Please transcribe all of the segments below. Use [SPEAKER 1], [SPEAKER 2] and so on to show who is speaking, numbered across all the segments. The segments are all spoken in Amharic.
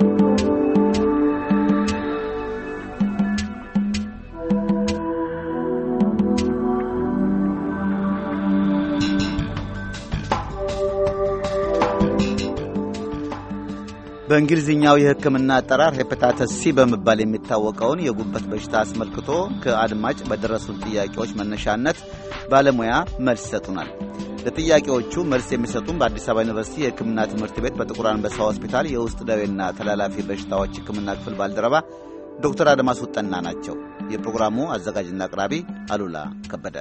[SPEAKER 1] Thank you. በእንግሊዝኛው የሕክምና አጠራር ሄፐታተስ ሲ በመባል የሚታወቀውን የጉበት በሽታ አስመልክቶ ከአድማጭ በደረሱን ጥያቄዎች መነሻነት ባለሙያ መልስ ይሰጡናል። ለጥያቄዎቹ መልስ የሚሰጡን በአዲስ አበባ ዩኒቨርሲቲ የሕክምና ትምህርት ቤት በጥቁር አንበሳ ሆስፒታል የውስጥ ደዌና ተላላፊ በሽታዎች ሕክምና ክፍል ባልደረባ ዶክተር አድማስ ውጠና ናቸው። የፕሮግራሙ አዘጋጅና አቅራቢ አሉላ ከበደ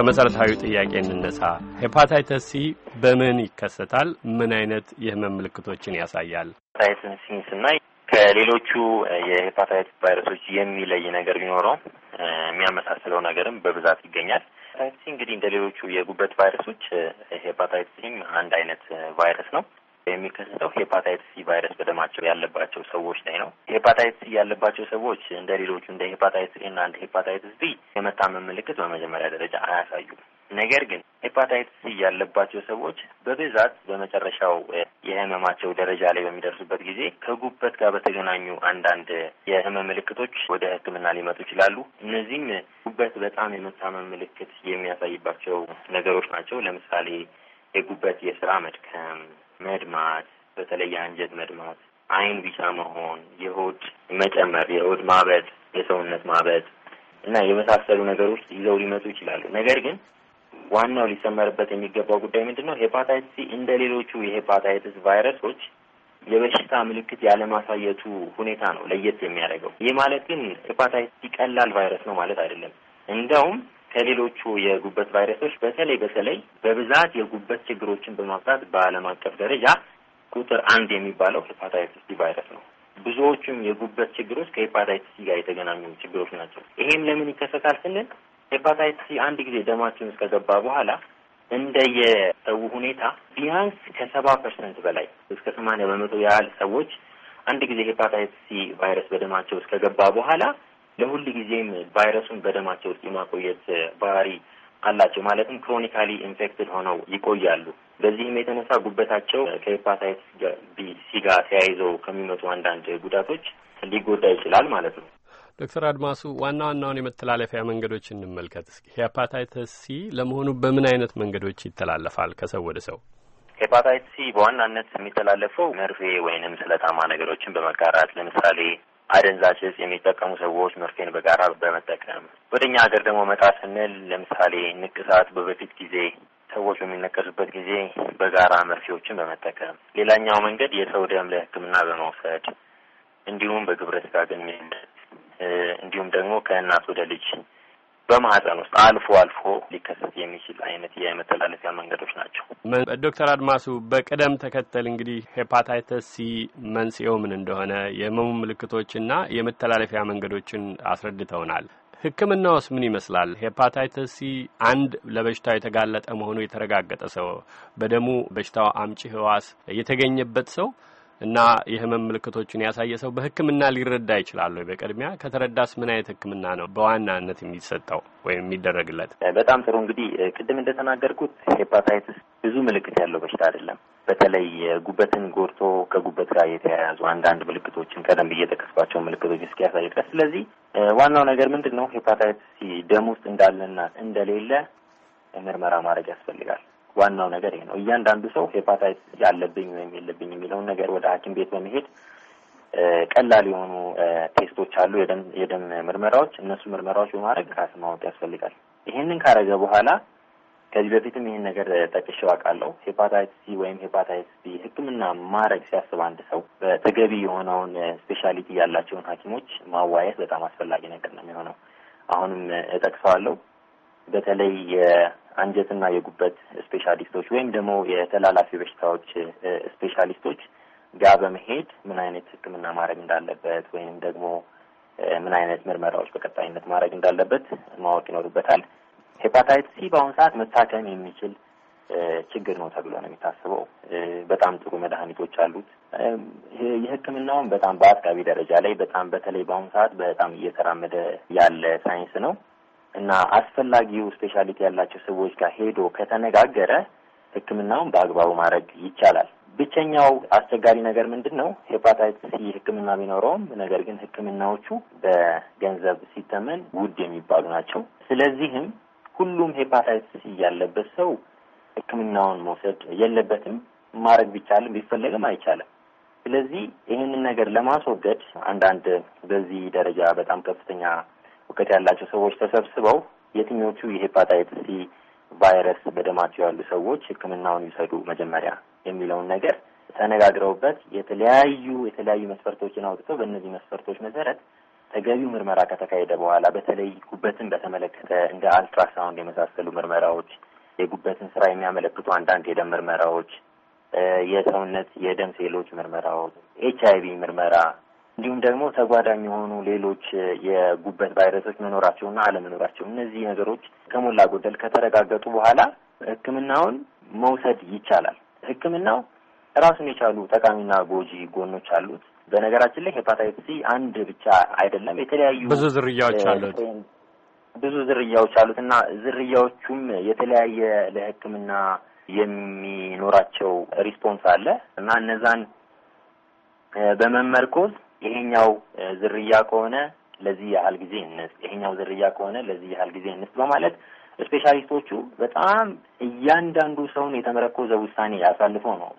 [SPEAKER 2] ከመሠረታዊ ጥያቄ እንነሳ። ሄፓታይተስ ሲ በምን ይከሰታል? ምን አይነት የህመም ምልክቶችን ያሳያል? ሄፓታይተስ
[SPEAKER 1] ሲን ስናይ ከሌሎቹ የሄፓታይተስ ቫይረሶች የሚለይ ነገር ቢኖረው የሚያመሳስለው ነገርም በብዛት ይገኛል። ሄፓታይተስ እንግዲህ እንደ ሌሎቹ የጉበት ቫይረሶች ሄፓታይተስ ሲም አንድ አይነት ቫይረስ ነው። የሚከሰተው ሄፓታይትስ ሲ ቫይረስ በደማቸው ያለባቸው ሰዎች ላይ ነው። ሄፓታይትስ ሲ ያለባቸው ሰዎች እንደ ሌሎቹ እንደ ሄፓታይትስ ኤ እና እንደ ሄፓታይትስ ቢ የመታመን ምልክት በመጀመሪያ ደረጃ አያሳዩም። ነገር ግን ሄፓታይትስ ሲ ያለባቸው ሰዎች በብዛት በመጨረሻው የህመማቸው ደረጃ ላይ በሚደርሱበት ጊዜ ከጉበት ጋር በተገናኙ አንዳንድ የህመም ምልክቶች ወደ ሕክምና ሊመጡ ይችላሉ። እነዚህም ጉበት በጣም የመታመም ምልክት የሚያሳይባቸው ነገሮች ናቸው። ለምሳሌ የጉበት የስራ መድከም መድማት፣ በተለይ አንጀት መድማት፣ አይን ቢጫ መሆን፣ የሆድ መጨመር፣ የሆድ ማበጥ፣ የሰውነት ማበጥ እና የመሳሰሉ ነገሮች ይዘው ሊመጡ ይችላሉ። ነገር ግን ዋናው ሊሰመርበት የሚገባው ጉዳይ ምንድን ነው? ሄፓታይትስ ሲ እንደ ሌሎቹ የሄፓታይትስ ቫይረሶች የበሽታ ምልክት ያለማሳየቱ ሁኔታ ነው ለየት የሚያደርገው። ይህ ማለት ግን ሄፓታይትስ ሲ ቀላል ቫይረስ ነው ማለት አይደለም። እንደውም ከሌሎቹ የጉበት ቫይረሶች በተለይ በተለይ በብዛት የጉበት ችግሮችን በማፍራት በዓለም አቀፍ ደረጃ ቁጥር አንድ የሚባለው ሄፓታይትስ ሲ ቫይረስ ነው። ብዙዎቹም የጉበት ችግሮች ከሄፓታይትስ ሲ ጋር የተገናኙ ችግሮች ናቸው። ይሄም ለምን ይከሰታል ስንል ሄፓታይትስ ሲ አንድ ጊዜ ደማችን እስከገባ በኋላ እንደ የሰው ሁኔታ ቢያንስ ከሰባ ፐርሰንት በላይ እስከ ሰማንያ በመቶ ያህል ሰዎች አንድ ጊዜ ሄፓታይትስ ሲ ቫይረስ በደማቸው እስከገባ በኋላ ለሁል ጊዜም ቫይረሱን በደማቸው ውስጥ የማቆየት ባህሪ አላቸው። ማለትም ክሮኒካሊ ኢንፌክትድ ሆነው ይቆያሉ። በዚህም የተነሳ ጉበታቸው ከሄፓታይትስ ቢ ሲ ጋር ተያይዘው ከሚመጡ አንዳንድ ጉዳቶች ሊጎዳ ይችላል ማለት ነው።
[SPEAKER 2] ዶክተር አድማሱ ዋና ዋናውን የመተላለፊያ መንገዶች እንመልከት እስኪ። ሄፓታይተስ ሲ ለመሆኑ በምን አይነት መንገዶች ይተላለፋል ከሰው ወደ ሰው? ሄፓታይተስ
[SPEAKER 1] ሲ በዋናነት የሚተላለፈው መርፌ ወይንም ስለታማ ነገሮችን በመጋራት ለምሳሌ አደንዛዥ እጽ የሚጠቀሙ ሰዎች መርፌን በጋራ በመጠቀም ወደ እኛ ሀገር ደግሞ መጣ ስንል ለምሳሌ ንቅሳት በበፊት ጊዜ ሰዎች በሚነቀሱበት ጊዜ በጋራ መርፌዎችን በመጠቀም ሌላኛው መንገድ የሰው ደም ለሕክምና በመውሰድ እንዲሁም በግብረ ስጋ ግንኙነት እንዲሁም ደግሞ ከእናት ወደ ልጅ በማህፀን ውስጥ አልፎ አልፎ ሊከሰት የሚችል አይነት የመተላለፊያ መንገዶች ናቸው።
[SPEAKER 2] ዶክተር አድማሱ በቅደም ተከተል እንግዲህ ሄፓታይተስ ሲ መንስኤው ምን እንደሆነ የህመሙ ምልክቶችና የመተላለፊያ መንገዶችን አስረድተውናል። ሕክምናውስ ምን ይመስላል? ሄፓታይተስ ሲ አንድ ለበሽታው የተጋለጠ መሆኑ የተረጋገጠ ሰው፣ በደሙ በሽታው አምጪ ህዋስ የተገኘበት ሰው እና የህመም ምልክቶችን ያሳየ ሰው በህክምና ሊረዳ ይችላል ወይ? በቅድሚያ ከተረዳስ ምን አይነት ህክምና ነው በዋናነት የሚሰጠው ወይም የሚደረግለት? በጣም ጥሩ
[SPEAKER 1] እንግዲህ ቅድም እንደተናገርኩት ሄፓታይትስ ብዙ ምልክት ያለው በሽታ አይደለም። በተለይ ጉበትን ጎርቶ ከጉበት ጋር የተያያዙ አንዳንድ ምልክቶችን ቀደም ብዬ የጠቀስኳቸው ምልክቶች እስኪያሳይ ድረስ። ስለዚህ ዋናው ነገር ምንድን ነው ሄፓታይትስ ደም ውስጥ እንዳለና እንደሌለ ምርመራ ማድረግ ያስፈልጋል። ዋናው ነገር ይሄ ነው። እያንዳንዱ ሰው ሄፓታይት ያለብኝ ወይም የለብኝ የሚለውን ነገር ወደ ሐኪም ቤት በመሄድ ቀላል የሆኑ ቴስቶች አሉ፣ የደም ምርመራዎች። እነሱ ምርመራዎች በማድረግ ራስ ማወቅ ያስፈልጋል። ይሄንን ካረገ በኋላ ከዚህ በፊትም ይህን ነገር ጠቅሼ አውቃለሁ። ሄፓታይት ሲ ወይም ሄፓታይት ቢ ሕክምና ማድረግ ሲያስብ አንድ ሰው በተገቢ የሆነውን ስፔሻሊቲ ያላቸውን ሐኪሞች ማዋየት በጣም አስፈላጊ ነገር ነው የሚሆነው። አሁንም እጠቅሰዋለሁ። በተለይ አንጀትና የጉበት ስፔሻሊስቶች ወይም ደግሞ የተላላፊ በሽታዎች ስፔሻሊስቶች ጋር በመሄድ ምን አይነት ሕክምና ማድረግ እንዳለበት ወይም ደግሞ ምን አይነት ምርመራዎች በቀጣይነት ማድረግ እንዳለበት ማወቅ ይኖርበታል። ሄፓታይት ሲ በአሁኑ ሰዓት መታከም የሚችል ችግር ነው ተብሎ ነው የሚታስበው። በጣም ጥሩ መድኃኒቶች አሉት። የሕክምናውን በጣም በአጥጋቢ ደረጃ ላይ በጣም በተለይ በአሁኑ ሰዓት በጣም እየተራመደ ያለ ሳይንስ ነው። እና አስፈላጊው ስፔሻሊቲ ያላቸው ሰዎች ጋር ሄዶ ከተነጋገረ ሕክምናውን በአግባቡ ማድረግ ይቻላል። ብቸኛው አስቸጋሪ ነገር ምንድን ነው? ሄፓታይትስ ሲ ሕክምና ቢኖረውም ነገር ግን ሕክምናዎቹ በገንዘብ ሲተመን ውድ የሚባሉ ናቸው። ስለዚህም ሁሉም ሄፓታይትስ ሲ ያለበት ሰው ሕክምናውን መውሰድ የለበትም። ማድረግ ቢቻልም ቢፈለግም አይቻልም። ስለዚህ ይህንን ነገር ለማስወገድ አንዳንድ በዚህ ደረጃ በጣም ከፍተኛ እውቀት ያላቸው ሰዎች ተሰብስበው የትኞቹ የሄፓታይትስ ሲ ቫይረስ በደማቸው ያሉ ሰዎች ሕክምናውን ይውሰዱ መጀመሪያ የሚለውን ነገር ተነጋግረውበት የተለያዩ የተለያዩ መስፈርቶችን አውጥተው በእነዚህ መስፈርቶች መሰረት ተገቢው ምርመራ ከተካሄደ በኋላ በተለይ ጉበትን በተመለከተ እንደ አልትራሳውንድ የመሳሰሉ ምርመራዎች፣ የጉበትን ስራ የሚያመለክቱ አንዳንድ የደም ምርመራዎች፣ የሰውነት የደም ሴሎች ምርመራዎች፣ ኤች አይ ቪ ምርመራ እንዲሁም ደግሞ ተጓዳኝ የሆኑ ሌሎች የጉበት ቫይረሶች መኖራቸውና አለመኖራቸው እነዚህ ነገሮች ከሞላ ጎደል ከተረጋገጡ በኋላ ሕክምናውን መውሰድ ይቻላል። ሕክምናው ራሱን የቻሉ ጠቃሚና ጎጂ ጎኖች አሉት። በነገራችን ላይ ሄፓታይት ሲ አንድ ብቻ አይደለም። የተለያዩ ብዙ ዝርያዎች አሉት ብዙ ዝርያዎች አሉት እና ዝርያዎቹም የተለያየ ለሕክምና የሚኖራቸው ሪስፖንስ አለ እና እነዛን በመመርኮዝ ይሄኛው ዝርያ ከሆነ ለዚህ ያህል ጊዜ እንስጥ፣ ይሄኛው ዝርያ ከሆነ ለዚህ ያህል ጊዜ እንስጥ በማለት ስፔሻሊስቶቹ በጣም እያንዳንዱ ሰውን የተመረኮዘ ውሳኔ ያሳልፎ ነው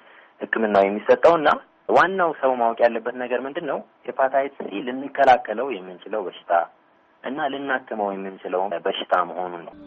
[SPEAKER 1] ሕክምናው የሚሰጠው እና ዋናው ሰው ማወቅ ያለበት ነገር ምንድን ነው? ሲ ልንከላከለው የምንችለው በሽታ እና ልናክመው የምንችለው በሽታ መሆኑን ነው።